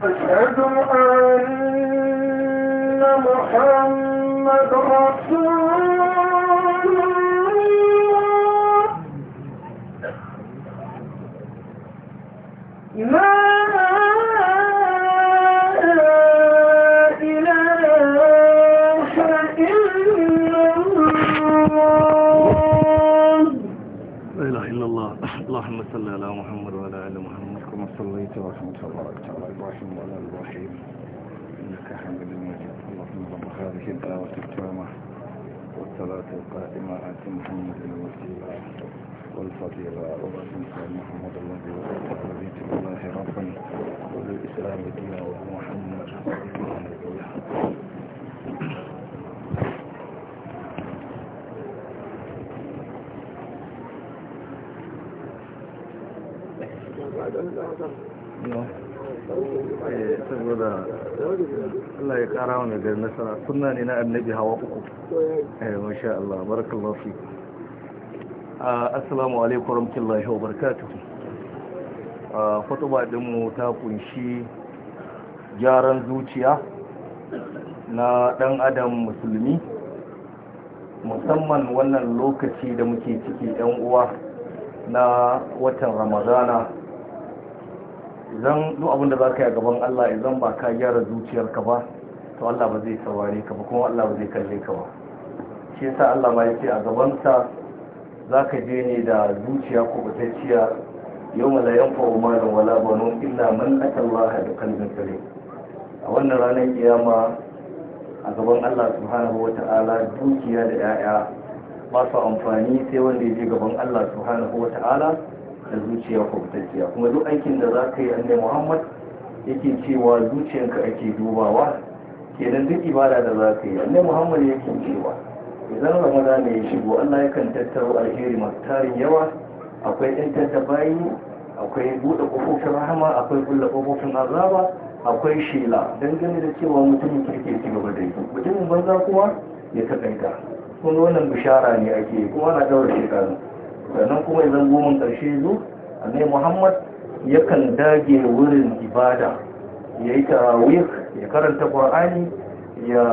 أشهد أن محمد رسول الله لا إله إلا الله لا إله إلا الله اللهم صل على محمد صليت ورحمة الله على الرحيم وعلى الرحيم إنك حمد مجيد اللهم رب هذه الدعوة التامة والصلاة القائمة آت محمد الوسيلة والفضيلة وبارك محمد الذي وأتى رضيت الله ربا وللإسلام دينا ومحمد رسول الله Eh, saboda Allah ya kara wa mai nasara suna ne na annabi hawa uku eh masha Allah barakallahu fi ah, assalamu alaikum warahmatullahi wabarakatuh ah, khutba din mu ta kunshi gyaran zuciya na dan adam musulmi musamman wannan lokaci da muke ciki yan uwa na watan ramadana idan duk abin da za ka yi a gaban Allah idan ba ka gyara zuciyarka ba to Allah ba zai saurare ka ba kuma Allah ba zai kalle ka ba shi yasa Allah ma yake a gabansa za ka je ne da zuciya ko batacciya yau la yanfa'u malun wala banun illa man Allah da qalbin sare a wannan ranar kiyama a gaban Allah subhanahu wata'ala dukiya da 'ya'ya ba su amfani sai wanda ya je gaban Allah subhanahu wata'ala da zuciya kwamfutanciya kuma duk aikin da za ka yi annai muhammad yake cewa zuciyanka ake dubawa kenan duk ibada da za ka yi annai muhammad yake cewa idan ramadan ya shigo allah yakan tattaro alheri masu tarin yawa akwai yan akwai buɗe kofofin rahama akwai kulle kofofin azaba akwai shela gani da cewa mutumin kirke ci gaba da yi mutumin banza kuma ya taƙaita kuma wannan bishara ne ake kuma na ɗaura shekaru sannan kuma idan goma ƙarshe zo annai muhammad yakan dage wurin ibada ya yi tarawih ya karanta ƙwa'ani ya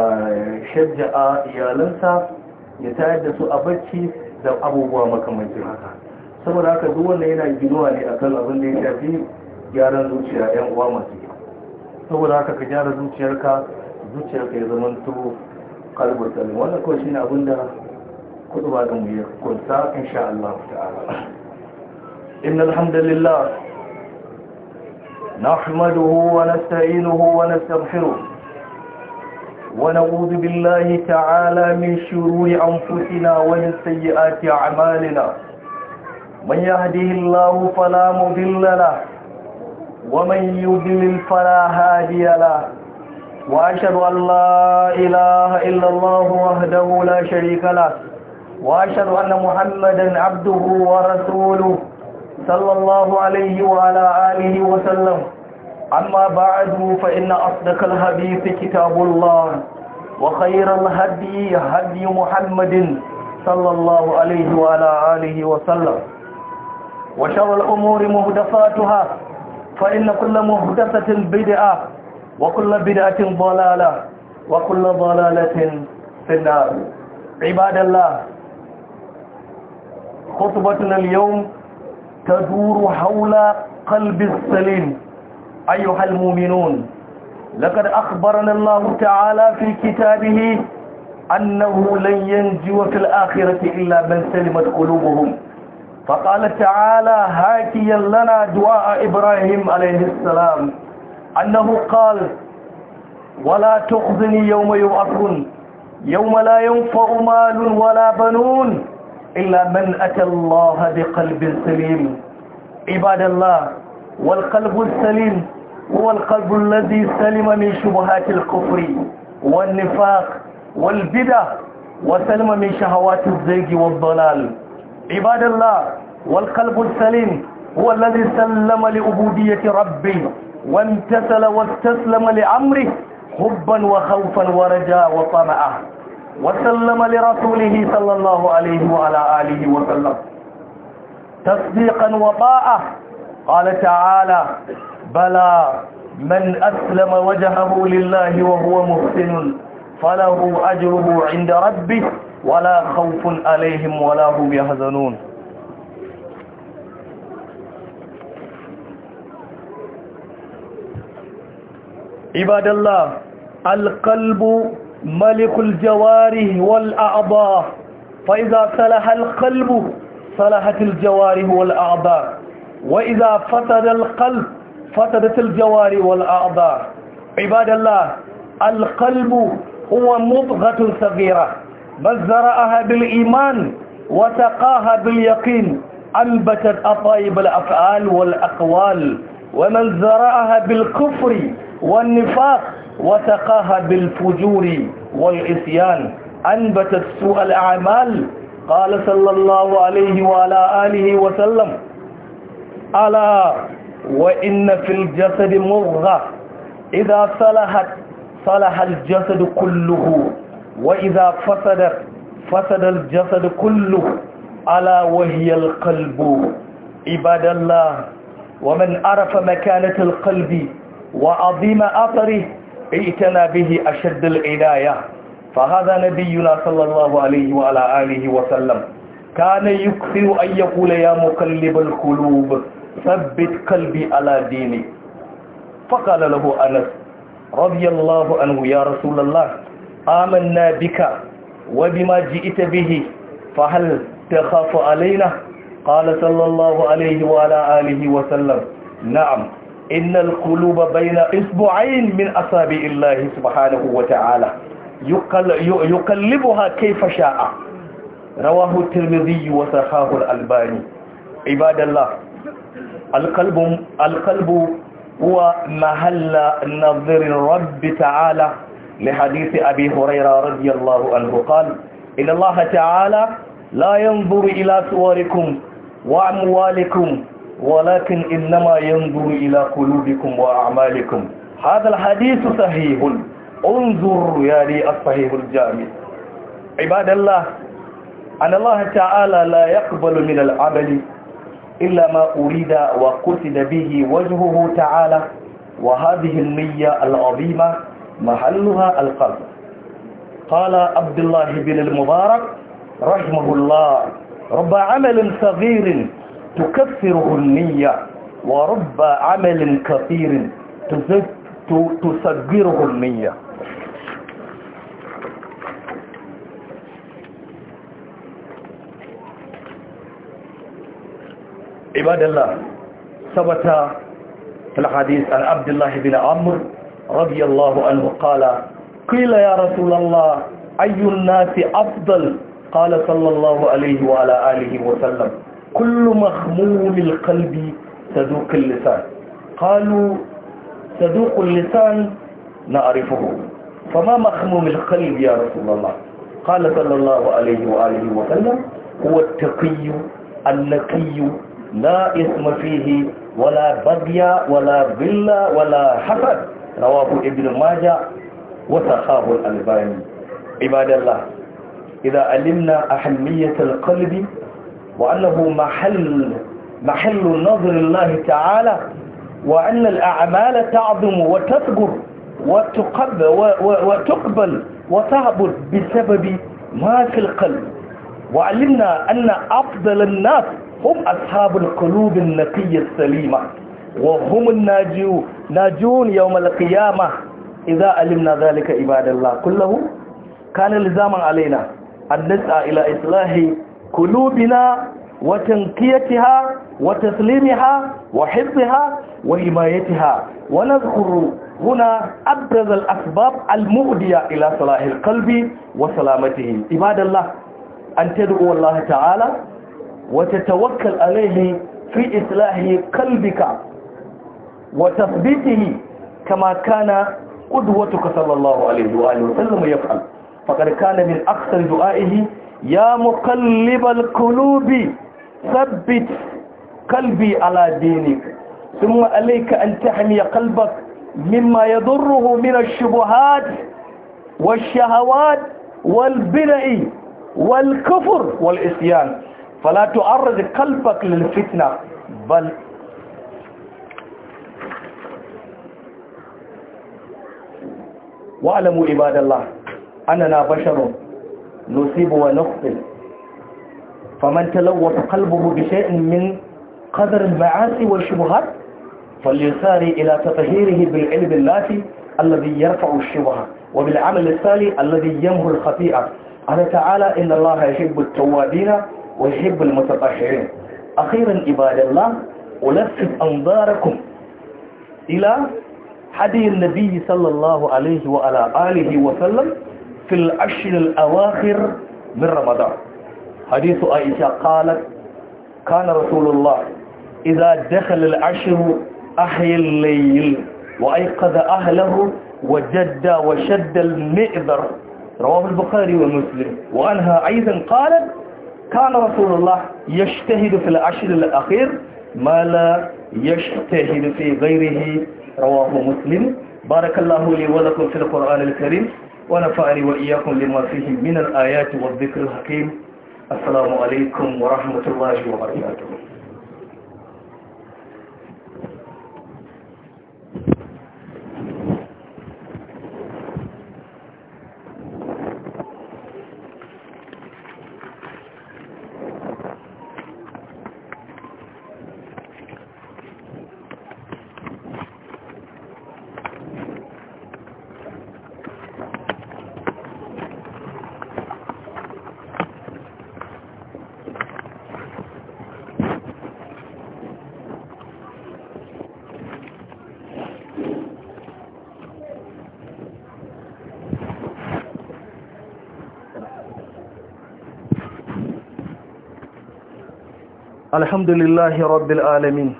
a iyalansa ya tayar da su a bacci da abubuwa makamancin haka saboda haka duk wanda yana ginuwa ne akan abin da ya shafi gyaran zuciya yan uwa masu yi saboda haka ka gyara zuciyarka zuciyarka ya zama to kalbar wannan kawai ne abin da kudu ba da mu yi kurta insha Allah ta'ala inna alhamdulillah nahmaduhu wa nasta'inuhu wa nastaghfiruh wa na'udhu billahi ta'ala min shururi anfusina wa min sayyiati a'malina man yahdihillahu fala mudilla lahu wa man yudlil fala hadiya lahu وأشهد أن لا إله إلا الله وحده لا شريك وأشهد أن محمدا عبده ورسوله صلى الله عليه وعلى آله وسلم أما بعد فإن أصدق الحديث كتاب الله وخير الهدي هدي محمد صلى الله عليه وعلى آله وسلم وشر الأمور مهدفاتها فإن كل مهدفة بدعة وكل بدعة ضلالة وكل ضلالة في النار عباد الله خطبتنا اليوم تدور حول قلب السليم أيها المؤمنون لقد أخبرنا الله تعالى في كتابه أنه لن ينجو في الآخرة إلا من سلمت قلوبهم فقال تعالى هاكيا لنا دعاء إبراهيم عليه السلام أنه قال ولا تخزني يوم يبعثون يوم لا ينفع مال ولا بنون إلا من أتى الله بقلب سليم عباد الله والقلب السليم هو القلب الذي سلم من شبهات الكفر والنفاق والبدع وسلم من شهوات الزيغ والضلال عباد الله والقلب السليم هو الذي سلم لعبودية ربه وانتسل واستسلم لأمره حبا وخوفا ورجاء وطمعا وسلم لرسوله صلى الله عليه وعلى آله وسلم تصديقا وطاعة قال تعالى بلى من أسلم وجهه لله وهو محسن فله أجره عند ربه ولا خوف عليهم ولا هم يحزنون عباد الله القلب ملك الجوارح والأعضاء فإذا صلح القلب صلحت الجوارح والأعضاء وإذا فسد القلب فسدت الجوارح والأعضاء عباد الله القلب هو مضغة صغيرة بل زرعها بالإيمان وسقاها باليقين أنبتت أطيب الأفعال والأقوال ومن زرعها بالكفر والنفاق وتقاها بالفجور والعصيان أنبتت سوء الأعمال قال صلى الله عليه وعلى آله وسلم ألا وإن في الجسد مضغة إذا صلحت صلح الجسد كله وإذا فسدت فسد الجسد كله ألا وهي القلب عباد الله ومن عرف مكانة القلب وعظيم أثره ائتنا به أشد العناية فهذا نبينا صلى الله عليه وعلى آله وسلم كان يكثر أن يقول يا مقلب القلوب ثبت قلبي على ديني فقال له أنس رضي الله عنه يا رسول الله آمنا بك وبما جئت به فهل تخاف علينا قال صلى الله عليه وعلى آله وسلم نعم إن القلوب بين إصبعين من أصابع الله سبحانه وتعالى يقلبها كيف شاء رواه الترمذي وصححه الألباني عباد الله القلب القلب هو محل نظر الرب تعالى لحديث أبي هريرة رضي الله عنه قال إن الله تعالى لا ينظر إلى صوركم وأموالكم ولكن إنما ينظر إلى قلوبكم وأعمالكم هذا الحديث صحيح انظر يا لي الصحيح الجامع عباد الله أن الله تعالى لا يقبل من العمل إلا ما أريد وقصد به وجهه تعالى وهذه النية العظيمة محلها القلب قال عبد الله بن المبارك رحمه الله رب عمل صغير تكفره النية ورب عمل كثير تسجره النية عباد الله ثبت في الحديث عن عبد الله بن عمرو رضي الله عنه قال قيل يا رسول الله أي الناس أفضل قال صلى الله عليه وعلى آله وسلم كل مخموم القلب صدوق اللسان قالوا صدوق اللسان نعرفه فما مخموم القلب يا رسول الله قال صلى الله عليه وآله وسلم هو التقي النقي لا اسم فيه ولا بغي ولا بلا ولا حسد رواه ابن ماجه وسخاه الألباني عباد الله إذا علمنا أهمية القلب وأنه محل محل نظر الله تعالى وأن الأعمال تعظم وتذكر وتقبل, وتقبل وتعبد بسبب ما في القلب وعلمنا أن أفضل الناس هم أصحاب القلوب النقية السليمة وهم الناجون يوم القيامة إذا علمنا ذلك عباد الله كله كان لزاما علينا أن نسعى إلى إصلاح قلوبنا وتنقيتها وتسليمها وحفظها وحمايتها ونذكر هنا أبرز الأسباب المؤدية إلى صلاح القلب وسلامته عباد الله أن تدعو الله تعالى وتتوكل عليه في إصلاح قلبك وتثبيته كما كان قدوتك صلى الله عليه وآله وسلم يفعل فقد كان من أكثر دعائه يا مقلب القلوب ثبت قلبي على دينك ثم عليك أن تحمي قلبك مما يضره من الشبهات والشهوات والبدع والكفر والإسيان فلا تعرض قلبك للفتنة بل واعلموا عباد الله أننا بشر نصيب ونخطئ فمن تلوث قلبه بشيء من قدر المعاصي والشبهات فليسار إلى تطهيره بالعلم اللافي الذي يرفع الشبهة وبالعمل الصالح الذي يمهو الخطيئة قال تعالى إن الله يحب التوابين ويحب المتطهرين أخيرا عباد الله ألفت أنظاركم إلى حديث النبي صلى الله عليه وعلى آله وسلم في العشر الأواخر من رمضان حديث عائشة قالت كان رسول الله إذا دخل العشر أحيا الليل وأيقظ أهله وجد وشد المئذر رواه البخاري ومسلم وأنها أيضا قالت كان رسول الله يجتهد في العشر الأخير ما لا يجتهد في غيره رواه مسلم بارك الله لي ولكم في القرآن الكريم ونفعني وإياكم لما فيه من الآيات والذكر الحكيم السلام عليكم ورحمة الله وبركاته الحمد لله رب العالمين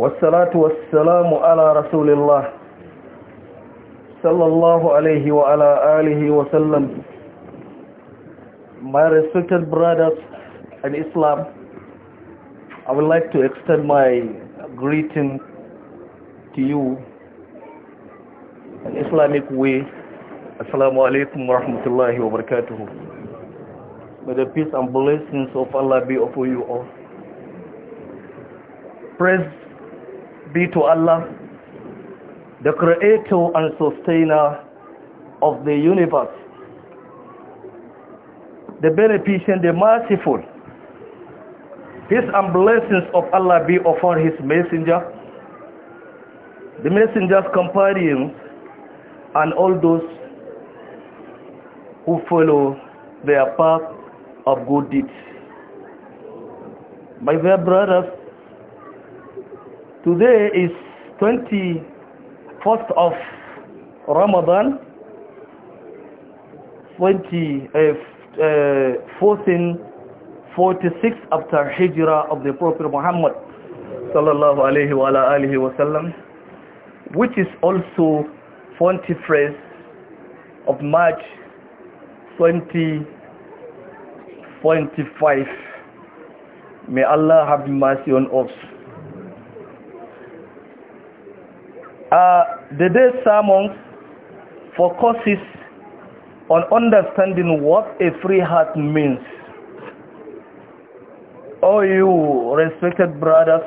والصلاة والسلام على رسول الله صلى الله عليه وعلى آله وسلم My respected brothers in Islam I would like to extend my greeting to you in Islamic way Assalamu alaikum warahmatullahi rahmatullahi May the peace and blessings of Allah be upon you all. Praise be to Allah, the creator and sustainer of the universe, the beneficent, the merciful. Peace and blessings of Allah be upon his messenger, the messenger's companions, and all those who follow their path of good deeds. My dear brothers, today is 21st of Ramadan, 20, uh, 1446 uh, after Hijrah of the Prophet Muhammad sallallahu alayhi wa wa sallam, which is also 21st of March 20 25 may Allah have mercy on us uh, the day sermons focuses on understanding what a free heart means oh you respected brothers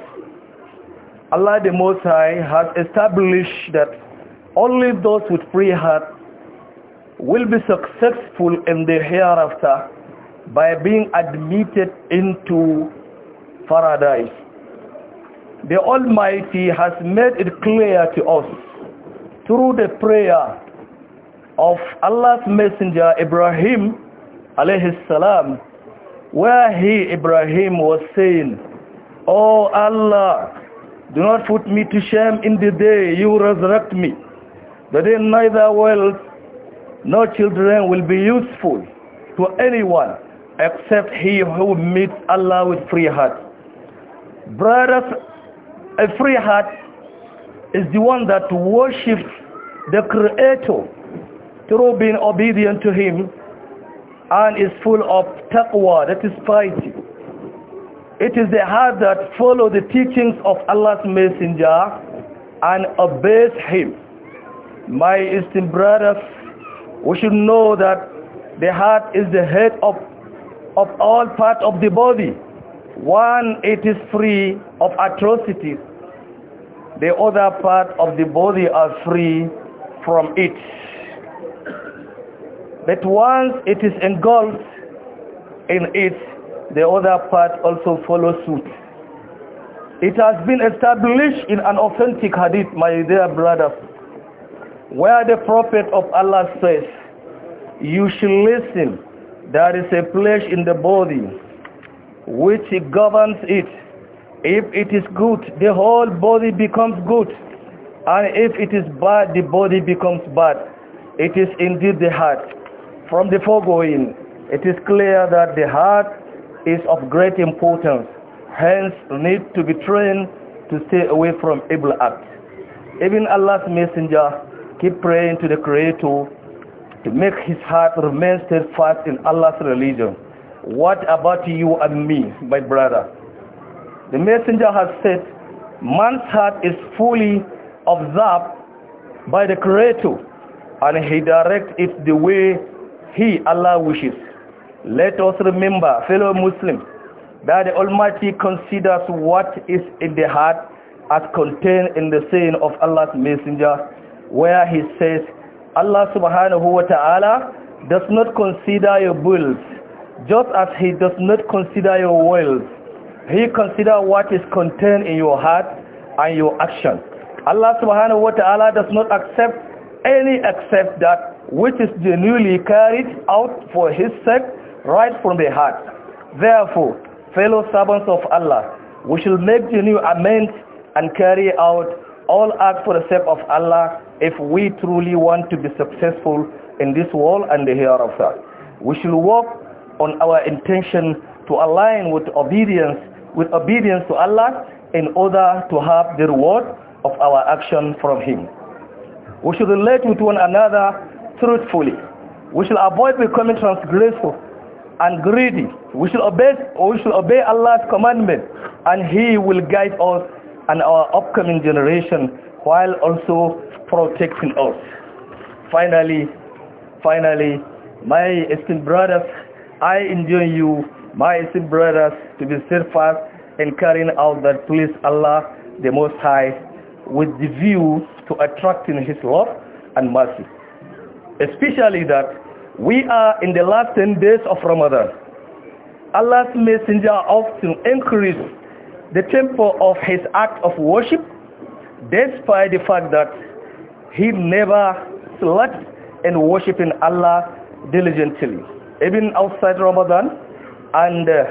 Allah the Most High has established that only those with free heart will be successful in the hereafter by being admitted into paradise. The Almighty has made it clear to us through the prayer of Allah's messenger Ibrahim alayhi salam where he Ibrahim was saying oh Allah do not put me to shame in the day you resurrect me that in neither wealth nor children will be useful to anyone except he who meets Allah with free heart. Brothers, a free heart is the one that worships the Creator through being obedient to Him and is full of taqwa, that is piety. It is the heart that follows the teachings of Allah's Messenger and obeys Him. My esteemed brothers, we should know that the heart is the head of of all part of the body one it is free of atrocities the other part of the body are free from it but once it is engulfed in it the other part also follows suit it has been established in an authentic hadith, my dear brothers, where the Prophet of Allah says, you should listen there is a place in the body which governs it. If it is good, the whole body becomes good. And if it is bad, the body becomes bad. It is indeed the heart. From the foregoing, it is clear that the heart is of great importance. Hence, need to be trained to stay away from evil acts. Even Allah's messenger keep praying to the Creator to make his heart remain steadfast in Allah's religion. What about you and me, my brother? The messenger has said, man's heart is fully observed by the Creator, and he directs it the way he, Allah, wishes. Let us remember, fellow Muslims, that the Almighty considers what is in the heart as contained in the saying of Allah's messenger, where he says, Allah subhanahu wa ta'ala does not consider your bills, just as he does not consider your wills. He consider what is contained in your heart and your action. Allah subhanahu wa ta'ala does not accept any except that which is genuinely carried out for his sake right from the heart. Therefore, fellow servants of Allah, we shall make genuine amends and carry out all act for the sake of Allah if we truly want to be successful in this world and the hereafter. We should work on our intention to align with obedience, with obedience to Allah in order to have the reward of our action from Him. We should relate with one another truthfully. We should avoid becoming transgressive and greedy. We should obey, we should obey Allah's commandment and He will guide us and our upcoming generation while also protecting us. Finally, finally, my esteemed brothers, I enjoin you, my esteemed brothers, to be steadfast in carrying out that please Allah the Most High with the view to attracting His love and mercy. Especially that we are in the last 10 days of Ramadan. Allah's messenger often encourages the temple of his act of worship despite the fact that he never slept in worshiping Allah diligently even outside Ramadan and uh,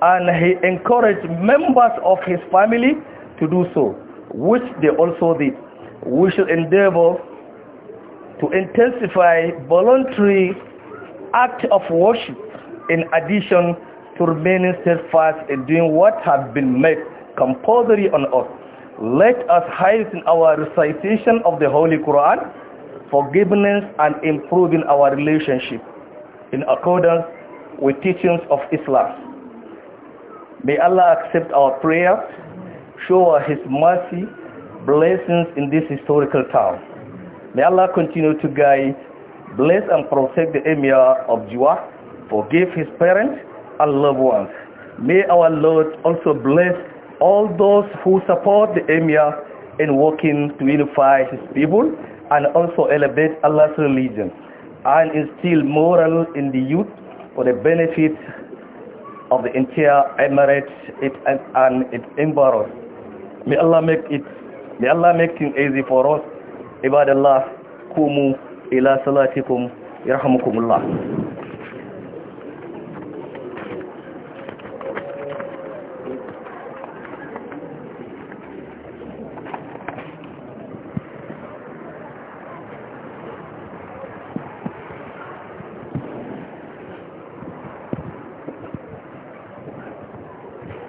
and he encouraged members of his family to do so which they also did we should endeavor to intensify voluntary act of worship in addition to remaining steadfast in doing what has been made compulsory on us. Let us hasten our recitation of the Holy Quran, forgiveness and improving our relationship in accordance with teachings of Islam. May Allah accept our prayer, show His mercy, blessings in this historical town. May Allah continue to guide, bless and protect the Emir of Jiwa, forgive his parents, and loved ones. May our Lord also bless all those who support the Emir in working to unify his people and also elevate Allah's religion and instill moral in the youth for the benefit of the entire emirate it, and, and its environs. May Allah make it may Allah make it easy for us. Ibadallah, kumu ila salatikum, yarhamukumullah.